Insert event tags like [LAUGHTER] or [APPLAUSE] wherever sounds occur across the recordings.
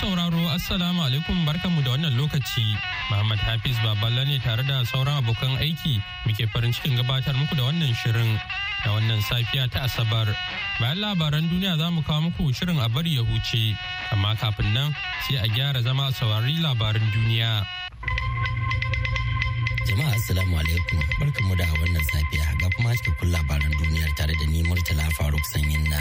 sauraro Assalamu alaikum barkanmu da wannan lokaci. Muhammad Hafiz Baballa ne tare da sauran abokan aiki muke farin cikin gabatar muku da wannan shirin da wannan safiya ta Asabar. Bayan labaran duniya za mu kawo muku shirin a bari ya huce, amma kafin nan sai a gyara zama a saurari labaran duniya. Jama'a Assalamu alaikum barkanmu da wannan safiya ga kuma kun labaran duniyar tare da ni Murtala Faruk Sanyin na.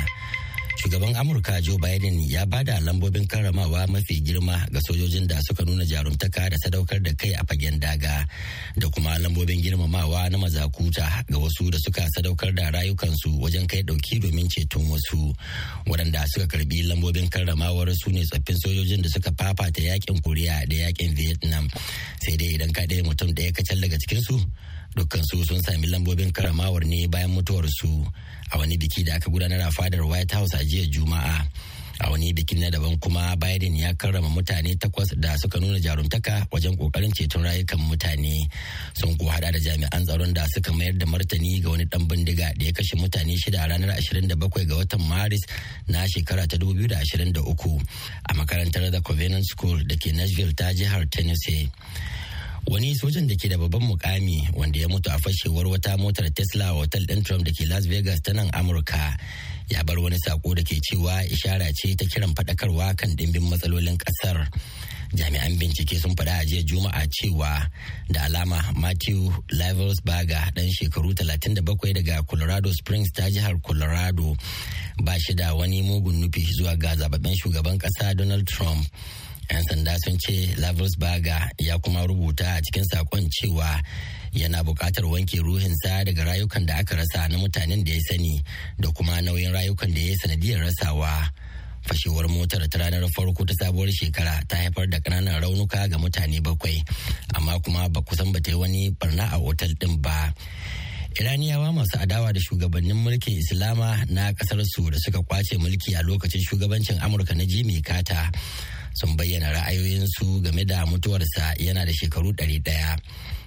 shugaban amurka joe biden ya bada lambobin karramawa mafi girma ga sojojin da suka nuna jarumtaka da sadaukar da kai a fagen daga da kuma lambobin girmamawa na mazakuta ga wasu da suka sadaukar da rayukansu wajen kai dauki domin ceton wasu waɗanda suka karbi lambobin karramawar su ne tsoffin sojojin da suka fafata yakin koriya da yakin vietnam sai dai idan ka ɗaya mutum ɗaya kacal daga cikinsu dukkansu sun sami lambobin karamawar ne bayan mutuwarsu a wani biki da aka gudanar a fadar white house a jiya juma'a a wani bikin na daban kuma biden ya karrama mutane takwas da suka nuna jaruntaka wajen kokarin ceton rayukan mutane sun ko hada da jami'an tsaron da suka mayar da martani ga wani dan bindiga da ya kashe mutane shida a ranar 27 ga watan maris na shekara ta 2023 a makarantar the covenant school da ke nashville ta jihar tennessee wani sojan da ke da babban mukami wanda ya mutu a fashewar wata motar tesla a otal ɗin trump da ke las vegas ta nan amurka ya bar wani sako da ke cewa ishara ce ta kiran faɗakarwa kan ɗimbin matsalolin ƙasar jami'an bincike sun faɗa a jiya juma'a cewa da alama matthew baga ɗan shekaru 37 daga colorado springs ta jihar colorado ba shi da wani mugun nufi zuwa ga zababben shugaban ƙasa donald trump 'yan sanda sun ce Lavelsberger ya kuma rubuta a cikin sakon cewa yana buƙatar wanke ruhinsa daga rayukan da aka rasa na mutanen da ya sani da kuma nauyin rayukan da ya sanadiyar rasawa fashewar motar ta ranar farko ta sabuwar shekara ta haifar da ƙananan raunuka ga mutane bakwai amma kuma ba kusan ba ta yi wani barna a otal ɗin ba Iraniyawa masu adawa da shugabannin mulkin Islama na kasar su da suka kwace mulki a lokacin shugabancin Amurka na Jimmy Carter sun bayyana ra'ayoyinsu game da mutuwarsa yana da shekaru ɗari ɗaya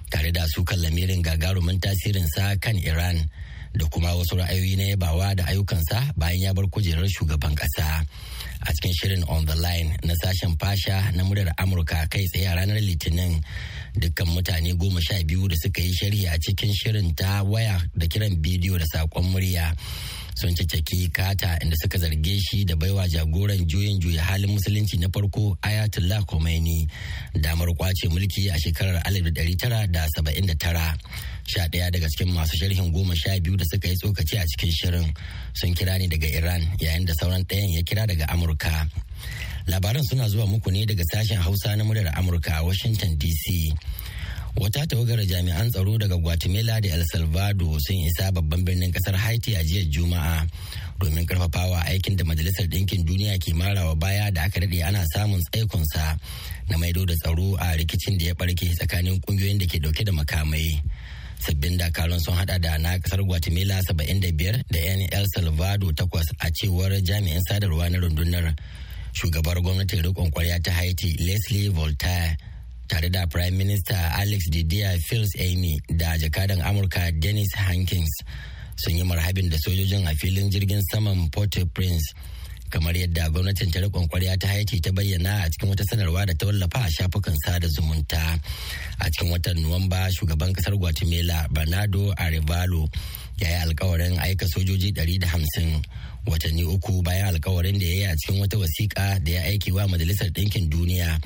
tare da su kan lamirin gagarumin tasirinsa kan iran da kuma wasu ra'ayoyi na yabawa da ayyukansa bayan ya bar kujerar shugaban ƙasa a cikin shirin on the line na sashen fasha na muryar amurka kai tsaye a ranar litinin dukkan mutane goma sha biyu da suka yi shari'a cikin shirin ta waya da kiran bidiyo da saƙon murya sun caccaki kata inda suka zarge shi da baiwa jagoran juyin juya halin musulunci na farko ayatollah khomeini damar kwace mulki a shekarar 1979 sha ɗaya daga cikin masu sharhin goma sha biyu da suka yi tsokaci a cikin shirin sun kira ne daga iran yayin da sauran ɗayan ya kira daga amurka labaran suna zuwa muku ne daga sashen hausa na muryar amurka a washington dc Wata tawagar jami'an tsaro daga Guatemala da El Salvador sun isa babban birnin kasar Haiti a jiya Juma'a domin karfafawa aikin da Majalisar Ɗinkin Duniya ke marawa baya da aka daɗe ana samun tsaikonsa na maido da tsaro a rikicin da ya barke tsakanin ƙungiyoyin da ke dauke da makamai. sabbin dakarun sun hada da na kasar guatemala 75 da yan el salvador 8 a cewar jami'in sadarwa na rundunar shugabar gwamnatin rikon kwarya ta haiti leslie voltaire tare da Prime Minister Alex Didier Fils Amy da jakadan Amurka Dennis Hankins sun yi marhabin da sojojin a filin jirgin saman Port-au-Prince. kamar yadda gwamnatin tare rikon kwarya ta haiti ta bayyana a cikin wata sanarwa da ta wallafa a shafukan sada zumunta a cikin watan nuwamba shugaban kasar guatemala bernardo arevalo ya yi alkawarin aika sojoji 150 watanni uku bayan alkawarin da ya yi a cikin wata wasiƙa da ya aiki wa majalisar ɗinkin duniya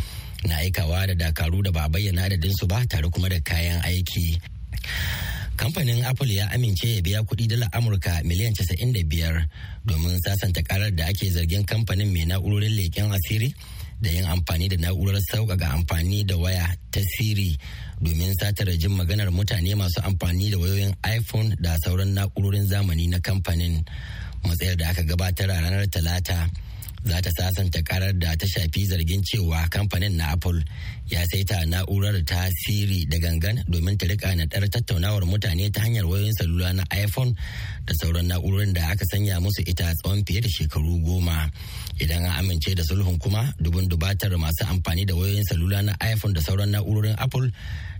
na aikawa da dakaru da ba bayyana su ba tare kuma da kayan aiki kamfanin apple ya amince ya biya kuɗi dala amurka miliyan 95 domin sasanta karar da ake zargin kamfanin mai na'urorin leƙen asiri da yin amfani da na'urar sauƙaƙa amfani da waya ta siri domin satara jin maganar mutane masu amfani da wayoyin iphone da sauran na'urorin zamani na kamfanin matsayar da aka gabatar a ranar talata za ta sasanta karar da ta shafi zargin cewa kamfanin na apple ya saita na'urar tasiri da gangan domin ta rika naɗar tattaunawar mutane ta hanyar wayoyin salula na iphone da sauran na'urorin da aka sanya musu ita tsawon fiye da shekaru goma idan an amince da sulhun kuma dubun dubatar masu amfani da wayoyin salula na iphone da sauran na'urorin apple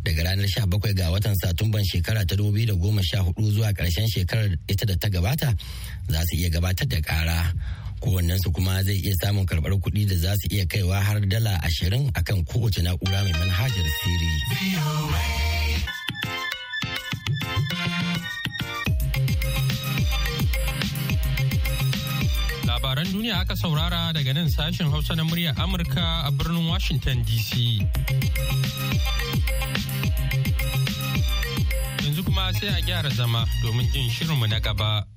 daga ranar 17 ga watan satumban shekara ta 2014 zuwa karshen shekarar ita da ta gabata za su iya gabatar da kara. kowannensu kuma zai iya samun karɓar kuɗi da za su iya kaiwa har dala ashirin akan kowace na'ura mai manhajar siri. Labaran duniya aka saurara daga nan sashen Hausa na muryar Amurka a birnin Washington DC. Yanzu kuma sai a gyara zama domin jin shirinmu na gaba.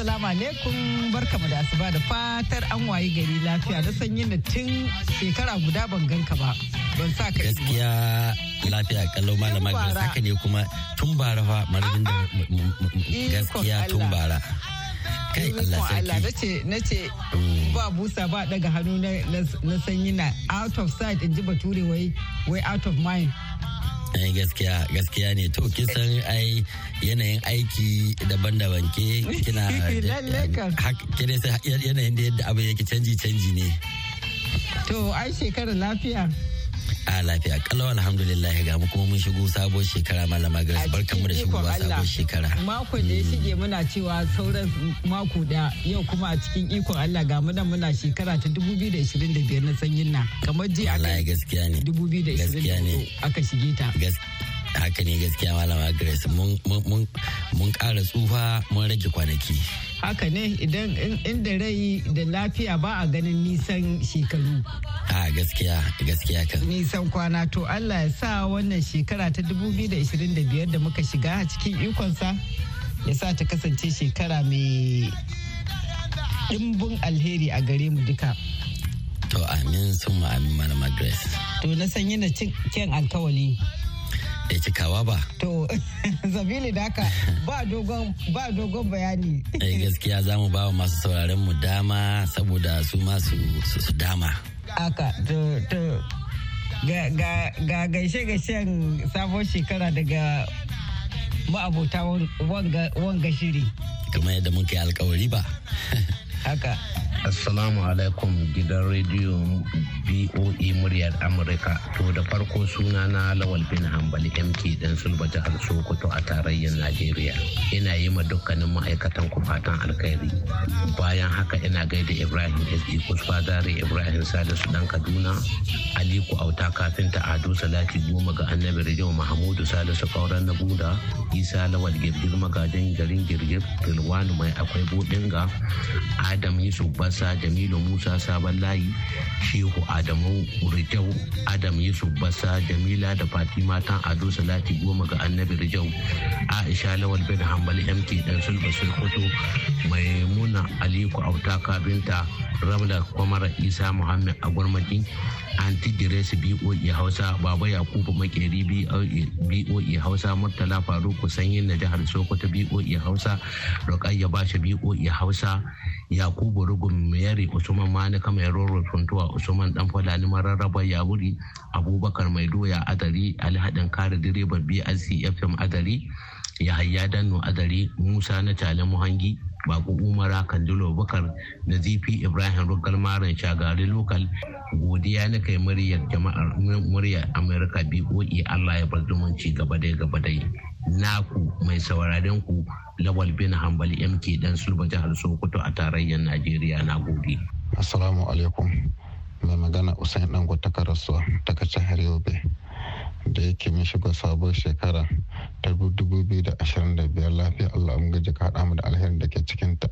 Assalamu alaikum barkamu da asuba da fatar an wayi gari lafiya da sanyin da tun shekara guda ban ganka ba. Ban sa ka Gaskiya lafiya kallo malama sa haka ne kuma tun bara fa marabin da ah, gaskiya tun bara. Kai Allah Allah Na ce mm. ba busa ba daga hannu na sanyi na out of sight in ji bature wai out of mind. ai eh, gaskiya gaskiya ne to san ai yanayin aiki daban-daban ke kina kina [LAUGHS] yanayin da yadda abu yake canji canji ne to ai shekarar lafiya A lafiya kalau alhamdulillah ga mu kuma mun shigo sabuwar shekara malama garis barkamu da shigowa sabuwar shekara. Mako da ya shige muna cewa sauran mako da yau kuma a cikin ikon Allah ga mu nan muna shekara ta 2025 na sanyin na kamar ji ya gaskiya ne 2024 aka shige ta. Haka ne gaskiya malama garis mun kara tsufa mun rage kwanaki. haka ne idan inda rai da lafiya ba a ganin nisan shekaru a gaskiya gaskiya kan nisan kwana to allah ya sa wannan shekara ta 2025 da muka shiga cikin ikonsa ya sa ta kasance shekara mai dimbin alheri a gare mu duka to amin sun amin mana madras. to na sanyi na cin alkawali ya cikawa ba. To, zabili [LAUGHS] daka ba dogon ba dogon bayani. [LAUGHS] Eh gaskiya za mu ba wa masu sauraron mu dama saboda su masu su dama. Aka to to ga gaishe gaishen sabon shekara daga ma'abota wanga shiri. Kuma yadda muke alkawari ba. [LAUGHS] Haka. Assalamu alaikum gidan rediyo BOE muryar Amurka. To da farko suna na Lawal bin Hambali MK dan Sulba jihar Sokoto a tarayyar Najeriya. Ina yi ma dukkanin ma'aikatan ku fatan alkhairi. Bayan haka ina gaida Ibrahim SD Kusfa Zare Ibrahim Salisu dan Kaduna, Aliku Auta kafin ta Ado Salati Goma ga Annabi Rijo Mahmudu Salisu Kauran na Buda, Isa Lawal Girgir Magajin Garin Girgir, Tilwani Mai Akwai Budinga, Adam Yusuf Basa, Jamilu Musa Sabon Layi, Shehu Adamu Rijau, Adam Yusuf Basa, Jamila da Fatima ta Ado Salati goma ga Annabi Rijau, Aisha Lawal bin Hambali MK dan Sulba Sulkoto, Maimuna Aliku auta binta Ramla Kwamara Isa Muhammad Agwarmaki, Anti Diresi BOE Hausa, Baba Yakubu Makeri BOE e Hausa, Murtala Faruku Sanyin na jihar Sokoto BOE Hausa, Rokayya Bashi BOE Hausa, yakubu rugun mayari usman Mani mai roro tuntuwa usman dan fadani mararraba wuri? abubakar mai doya adari alhadin kare direbar brc fm adari yahaya danno adari musa na tale muhangi baku umara kandilo bakar na zifi ibrahim rugal maran shagari lokal godiya na kai muryar jama'ar muryar amurka boe allah ya bar zumunci gaba dai gaba dai naku mai sauraren ku lawal bin hambali mk dan sulba jihar sokoto a tarayyar najeriya na gobe assalamu alaikum mai magana usain dango ta karasuwa daga jihar yobe da yake mun shiga sabuwar shekara ta 2025 lafiya Allah gaji ka haɗa mu da alherin da ke cikinta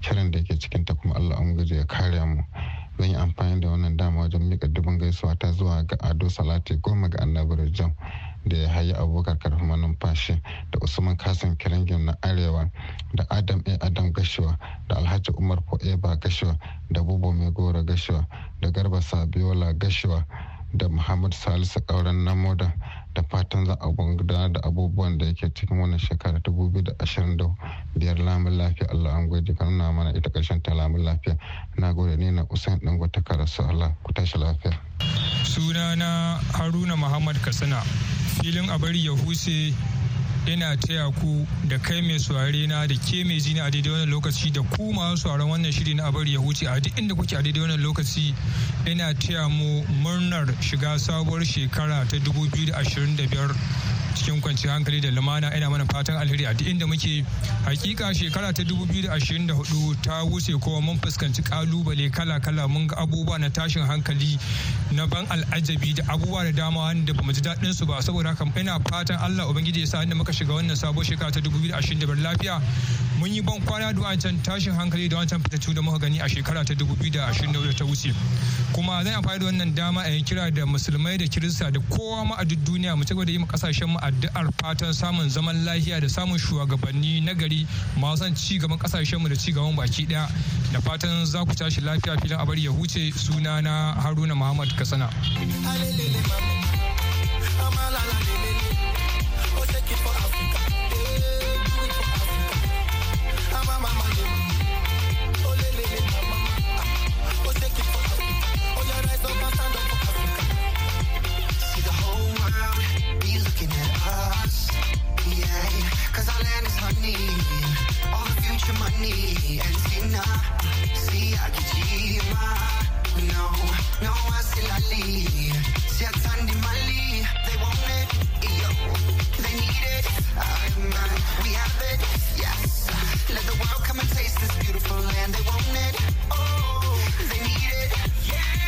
shirin da ke cikinta kuma Allah gaji ya kare mu zan yi amfani da wannan dama wajen mika dubin gaisuwa ta zuwa ga ado salati goma ga annabi jam da ya hayi abubakar karfin manumfashi da usman kasan kirangin na arewa da adam a adam gashiwa da alhaji umar poeba gashiwa da bubu mai gora gashiwa da garba sabiola gashiwa da muhammad salisu kauren na moda da fatan za a gudanar da abubuwan da yake cikin wannan shekara biyar lamun lafiya allah an gwaji kan na mana ita karshen ta lamun lafiya na gode ne na usain kara su allah ku tashi lafiya sunana haruna muhammad katsina filin abari ya huse ina taya ku da kai mai saurare na da ke mai zina a daidai wannan lokaci da ku masu sauraron wannan shiri na abar ya huce a duk inda kuke a daidai wannan lokaci ina taya mu murnar shiga sabuwar shekara ta 2025 cikin kwanciyar hankali da lumana ina mana fatan alheri a duk inda muke hakika shekara ta 2024 ta wuce kuma mun fuskanci kalubale kala-kala mun ga abubuwa na tashin hankali na ban al'ajabi da abubuwa da dama wanda bamu ji daɗin su ba saboda haka ina fatan Allah ubangiji ya sa inda muka shiga wannan sabon shekara ta 2025 lafiya mun yi ban kwana da wancan tashin hankali da wancan fitattu da muka gani a shekara ta 2020 ta wuce kuma zan amfani da wannan dama a yin kira da musulmai da kirista da kowa ma a duk duniya mu cigaba da yi ma kasashen mu addu'ar fatan samun zaman lafiya da samun shugabanni na gari masu son ci gaban kasashen mu da ci gaban baki daya da fatan za ku tashi lafiya filin a abar ya huce sunana haruna muhammad katsina. all the future money, and Tina, No, no, mali, they want it, yo, they need it, I'm we have it, yes. Let the world come and taste this beautiful land, they want it, oh, they need it, yeah.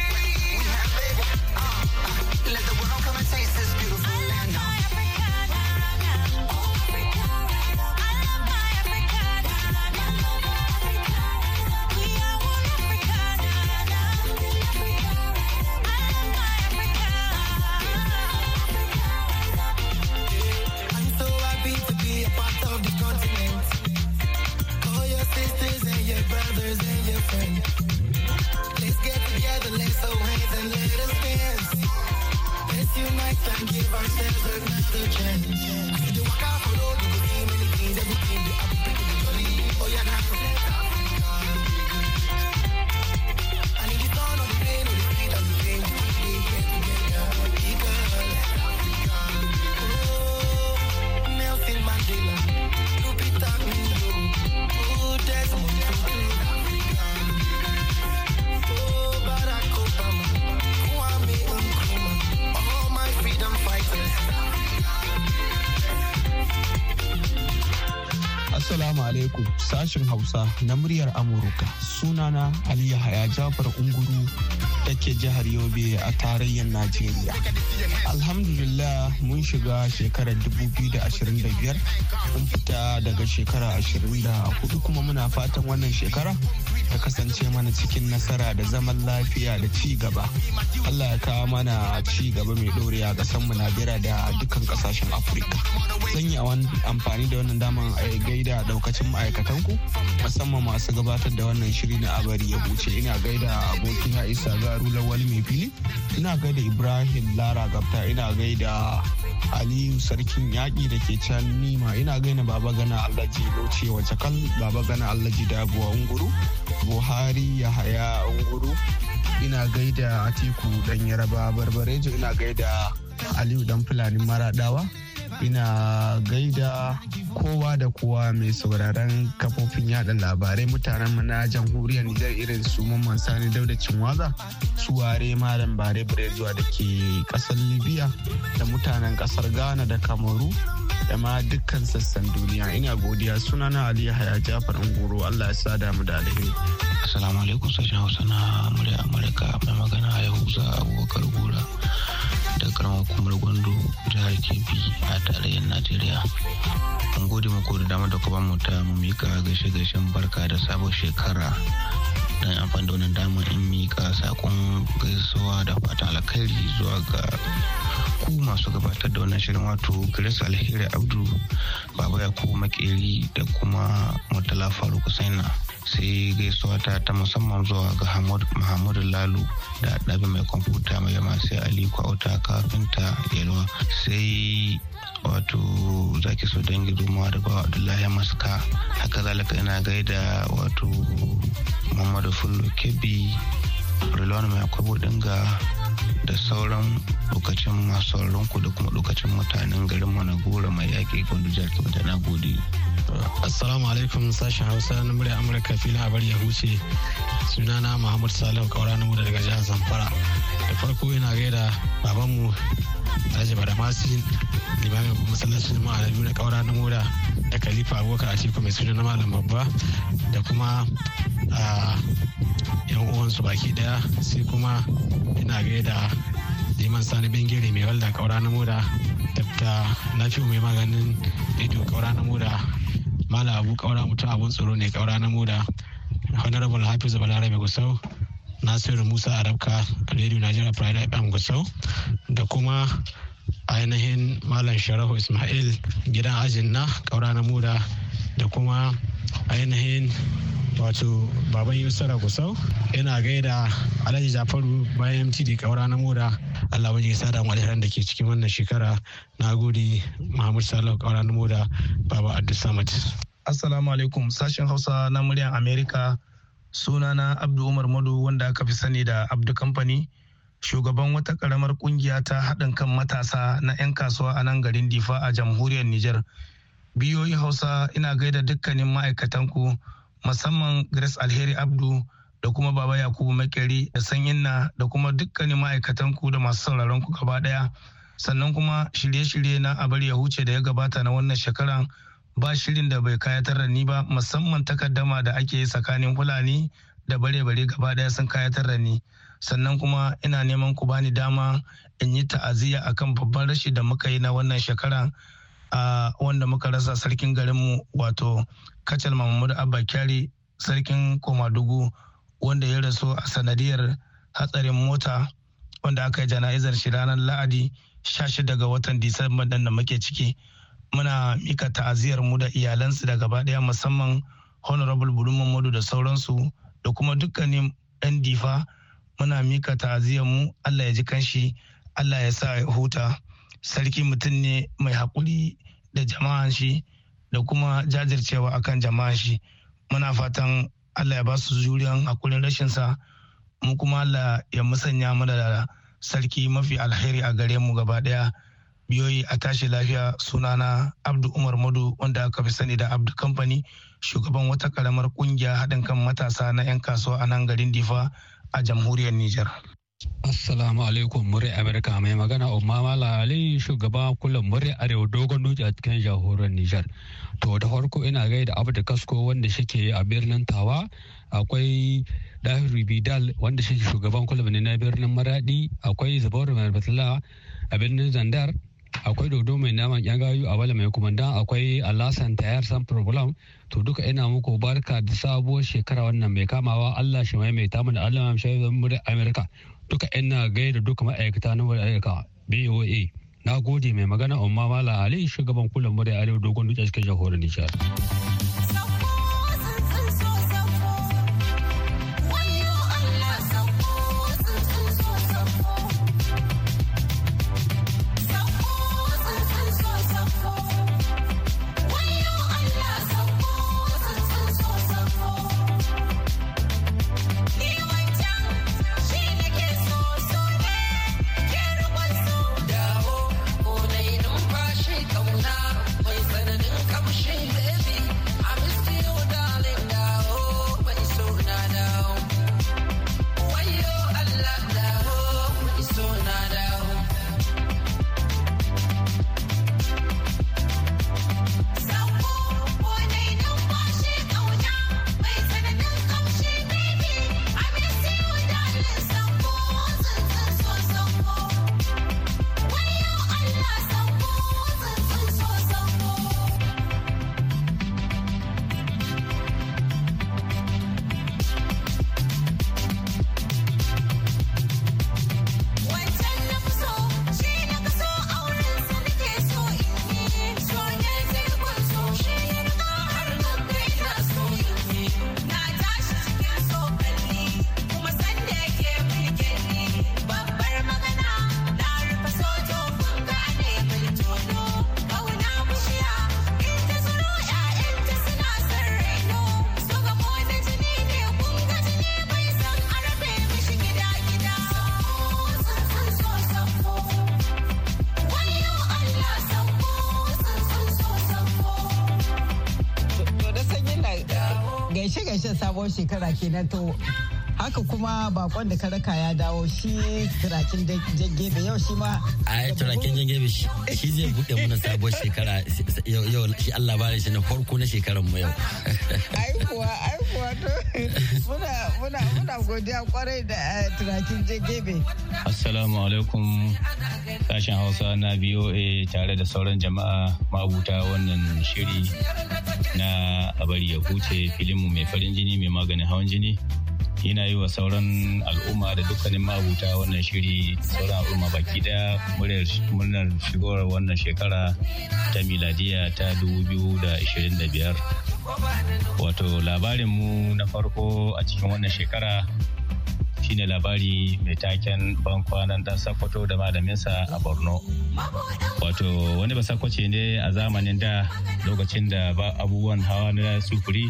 There's another chance Hausa na muryar Amurka. Sunana Ali Yahaya Jafar Unguru take jihar Yobe a tarayyar Najeriya. Alhamdulillah mun shiga shekarar 2025 mun fita daga shekara 24 kuma muna fatan wannan shekara ta kasance mana cikin nasara da zaman lafiya da ci gaba allah ya kawo mana ci gaba mai ga san mu najeriya da dukkan kasashen afirka zan yi amfani da wannan daman eh, gaida daukacin ma'aikatanku musamman masu gabatar da wannan shiri na abari ya buce ina gaida abokin isa garu lawal mai fili ina gaida ibrahim lara gafta ina gaida aliyu sarkin yaƙi da ke can nima ina gaina baba gana allaji loce wace kal baba gana allaji dabuwa unguru buhari yahaya unguru ina gaida atiku dan yaraba barbarejo ina gaida aliyu dan fulani maradawa ina gaida kowa da kowa mai sauraron kafofin yada labarai mutanen mu na jamhuriyar Nijar irin su Mamman Sani Dauda Cinwaza, Suware Malam Bare zuwa da ke kasar Libya da mutanen kasar Ghana da Kamaru da ma dukkan sassan duniya ina godiya suna na Ali Yahaya Jafar ungoro Allah ya sada mu da alheri. Assalamu alaikum sashen Hausa na murya Amurka mai magana Yahuza Abubakar Gora. hukumar Gwando jihar Kebbi a tarayyar Najeriya. Mun gode muku da dama da kuma mu ta mu mika gaishe gaishen barka da sabon shekara. don amfani da wannan dama in mika sakon gaisuwa da fatan alkhairi zuwa ga ku masu gabatar da wannan shirin wato Grace Alheri Abdu, Baba Yakubu Makeri da kuma Murtala Faruk Husaina. sai gaisuwa ta ta musamman zuwa ga Muhammadu Lalu da ɗabi mai kwamfuta mai yamma sai Ali Kwauta kafinta Yalwa sai wato zaki so dangi zuma da bawa Abdullahi Maska haka zalika ina gaida wato Muhammadu Fulu Kebbi Rilon mai akwai ga da sauran lokacin masu ku da kuma lokacin mutanen garin managora mai yaƙi kwandu jihar kyauta na gode. assalamu alaikum sashen hausa na murya amurka filin abar ya huce sunana muhammad salim kaura na daga jihar zamfara da farko yana gaida babanmu alhaji badamasi limamin masallacin ma'a na kaura na moda da khalifa abubakar a mai suna na malam babba da kuma ah, yan uwansu baki daya sai kuma ina gaida liman sani bengere mai walda kaura na moda tafta fi mai maganin ido kaura na muda mala abu kaura mutum abun tsoro ne kaura na moda honorable hafizu mai gusau nasiru musa arabka radio nigeria pride fm gusau da kuma ainihin malam sharafu ismail gidan ajin na kaura na muda da kuma ainihin wato baban ku gusau ina gaida alhaji jafaru bayan mtd kaura na moda allah wajen sada alheran da ke cikin wannan shekara na gode mahmud salau kaura na moda baba abdul samad assalamu alaikum sashen hausa na muryan america sunana abdu umar madu wanda aka fi sani da abdu kamfani shugaban wata karamar kungiya ta haɗin kan matasa na 'yan kasuwa a nan garin difa a jamhuriyar Nijar biyoyi hausa ina gaida dukkanin ma'aikatanku musamman Grace Alheri Abdu da kuma Baba Yakubu Makeri da Sanyinna da kuma dukkanin ma'aikatan ku da masu sauraron ku gaba daya. Sannan kuma shirye-shirye na abar ya huce da ya gabata na wannan shekaran ba shirin da bai kayatar da ni ba musamman takaddama da ake yi tsakanin Fulani da bare-bare gaba daya sun kayatar da ni. sannan kuma ina neman ku bani dama in yi ta'aziyya akan babban rashi da muka yi na wannan shekaran. A wanda muka rasa sarkin garinmu wato kacal mahmud abba kyari sarkin komadugu wanda ya rasu a sanadiyar hatsarin mota wanda aka yi jana'izar shi ranar la'adi 16 ga watan disamba dan da muke ciki muna mika ta'aziyar mu da iyalansu da gaba daya musamman honorable bulumman modu da sauransu da kuma dukkanin yan difa muna mika ta'aziyar mu allah ya ji kanshi allah ya sa ya huta sarki mutum ne mai haƙuri da jama'an shi da kuma jajircewa akan jama'an shi muna fatan allah ya ba su juriyan hakurin rashinsa mu kuma allah ya musanya mana da sarki mafi alheri a gare mu gaba daya biyoyi a tashi lafiya sunana abdu umar madu wanda aka fi sani da abdu Company shugaban wata karamar kungiya haɗin kan matasa na 'yan kasuwa a nan garin difa a jamhuriyar niger Assalamu alaikum muri Amerika mai magana Umma Mala Ali shugaba kullum muri Arewa dogon dutse a cikin jahorar Nijar. To da farko ina gaida Abdu Kasko wanda shike a birnin Tawa akwai Dahiru Bidal wanda shike shugaban kullum ne na birnin Maradi akwai Zubair Marbatala a birnin Zandar akwai dodo mai naman yan gayu a bala mai kumanda akwai alasan tayar san problem to duka ina muku barka da sabuwar shekara wannan mai kamawa Allah shi mai mai tamu da Allah mai shayi Amerika. duka ina da duka ma'aikata na aika BOA. Na gode mai magana Umma Mala Ali shugaban kula murya Arewa dogon duka cikin jahohin Nijar. dawo shekara kenan to haka kuma bakon da karaka ya dawo shi turakin jangebe yau shi ma a yi turakin jangebe shi zai buɗe mana sabuwar shekara yau shi Allah bari shi na farko na shekarar mu yau aikuwa aikuwa to muna muna muna godiya kwarai da eh, turakin jangebe assalamu alaikum sashen hausa na biyo tare da sauran jama'a mabuta wannan shiri na a bari ya huce filinmu mai farin jini mai maganin hawan jini yana yi wa sauran al'umma da dukkanin mabuta wannan shiri sauran al'umma baki daya murnar shigowar wannan shekara ta miladiya ta 2025 wato labarinmu na farko a cikin wannan shekara shine labari mai taken ban kwanan dan sakwato da malaminsa a borno wato wani basakwace ne a zamanin da lokacin da ba abubuwan hawa na sufuri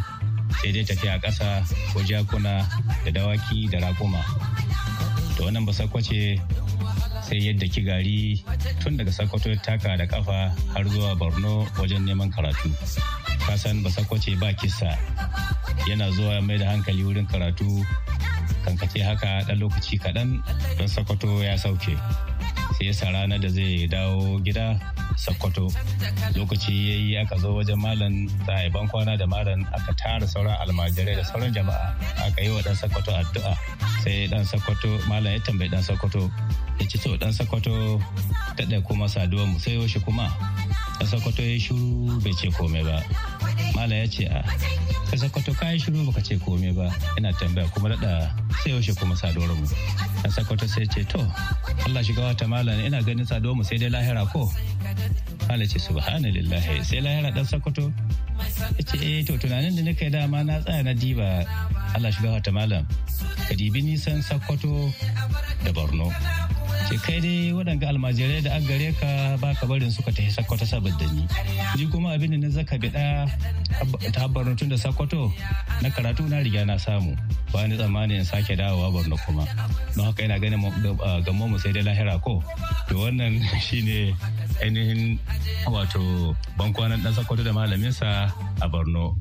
sai dai tafiya ƙasa ko jakuna da dawaki da raƙuma to wannan basakwace sai yadda ki gari tun daga sakwato taka da kafa har zuwa borno wajen neman karatu kasan basakwace ba kisa yana zuwa mai da hankali wurin karatu kankace haka ɗan lokaci kaɗan don sokoto ya sauke sai yasa ranar da zai dawo gida sokoto lokaci ya yi aka zo wajen malam za a kwana da malam aka tara sauran almajirai da sauran jama'a aka yi wa ɗan sokoto addu'a sai ɗan sokoto malam ya tambayi ɗan sokoto ya ci to ɗan sokoto ɗaya kuma saduwa mu sai yaushe kuma ɗan sokoto ya shiru bai ce komai ba mala ya ce a ah, ka sakwato kayan shiru baka ce komai ba ina tambaya kuma daɗa sai yaushe kuma saduwar mu na sakwato sai ce to Allah shiga wata mala ina ganin saduwar mu sai dai lahira ko mala ce subhanallah sai lahira dan sakwato ya ce eh to tunanin da na kai dama na tsaya na diba Allah shiga wata malam ka dibi nisan sakwato da borno ce kai dai waɗanga almajirai da an gare ka ba ka barin suka tafi sakkwato saboda ni ji kuma abin da na zaka biɗa ta tun da sakkwato na karatu na riga na samu ba ni tsammanin sake dawowa borno kuma don haka ina ganin gamon mu sai dai lahira ko to wannan [LAUGHS] shine ainihin wato bankwanan ɗan sakkwato da malamin sa a borno.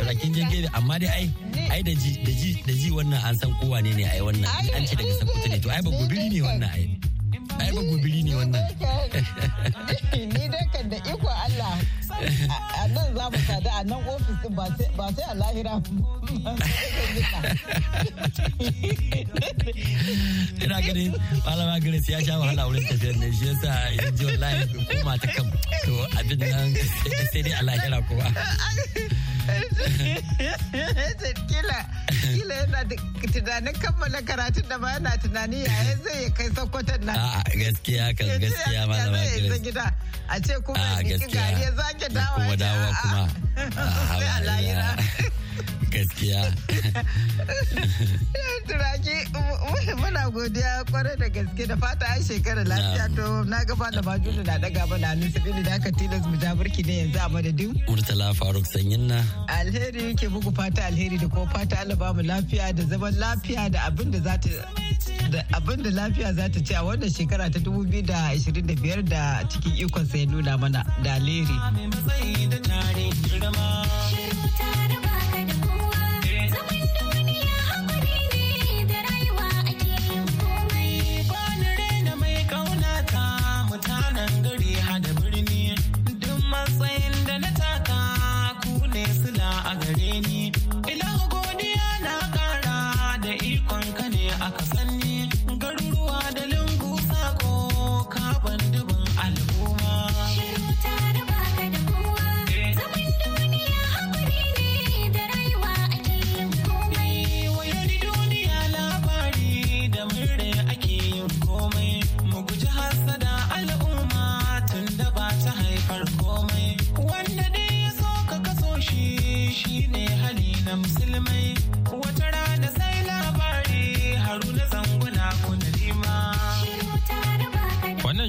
turakin jirgi amma dai ai ai da ji da ji da ji wannan an san kowa ne ne ai wannan an ce daga sakuta ne to ai ba gobiri ne wannan ai ai ba gobiri ne wannan [LAUGHS] ni dai kan da iko Allah a nan za mu sadu a nan ofis din ba sai a lahira ina ganin malama grace ya sha wahala wurin tafiyar ne shi yasa yanzu wallahi kuma ta kam to abin nan sai dai a lahira kowa. [LAUGHS] kila kila yana tunanin kammala karatun da ba yana tunani yaya zai ya kai sokoton nan. gaskiya kan gaskiya ma zama gida a ce kuma ya gari ya zage dawa. Kuma dawa kuma. [LAUGHS] A halayira. gaskiya [LAUGHS] turaki muna godiya kwarai da gaske da fata a shekara lafiya to na gaba da majulu na daga ba na nisa bini da aka tilas mu ja burki ne yanzu a madadin murtala faruk sanyin na alheri ke bugu fata alheri da ko fata allah ba mu lafiya da zaman lafiya da abin da za ta da abin da lafiya za ta ce a wannan shekara ta 2025 da cikin ikon sai nuna mana da alheri.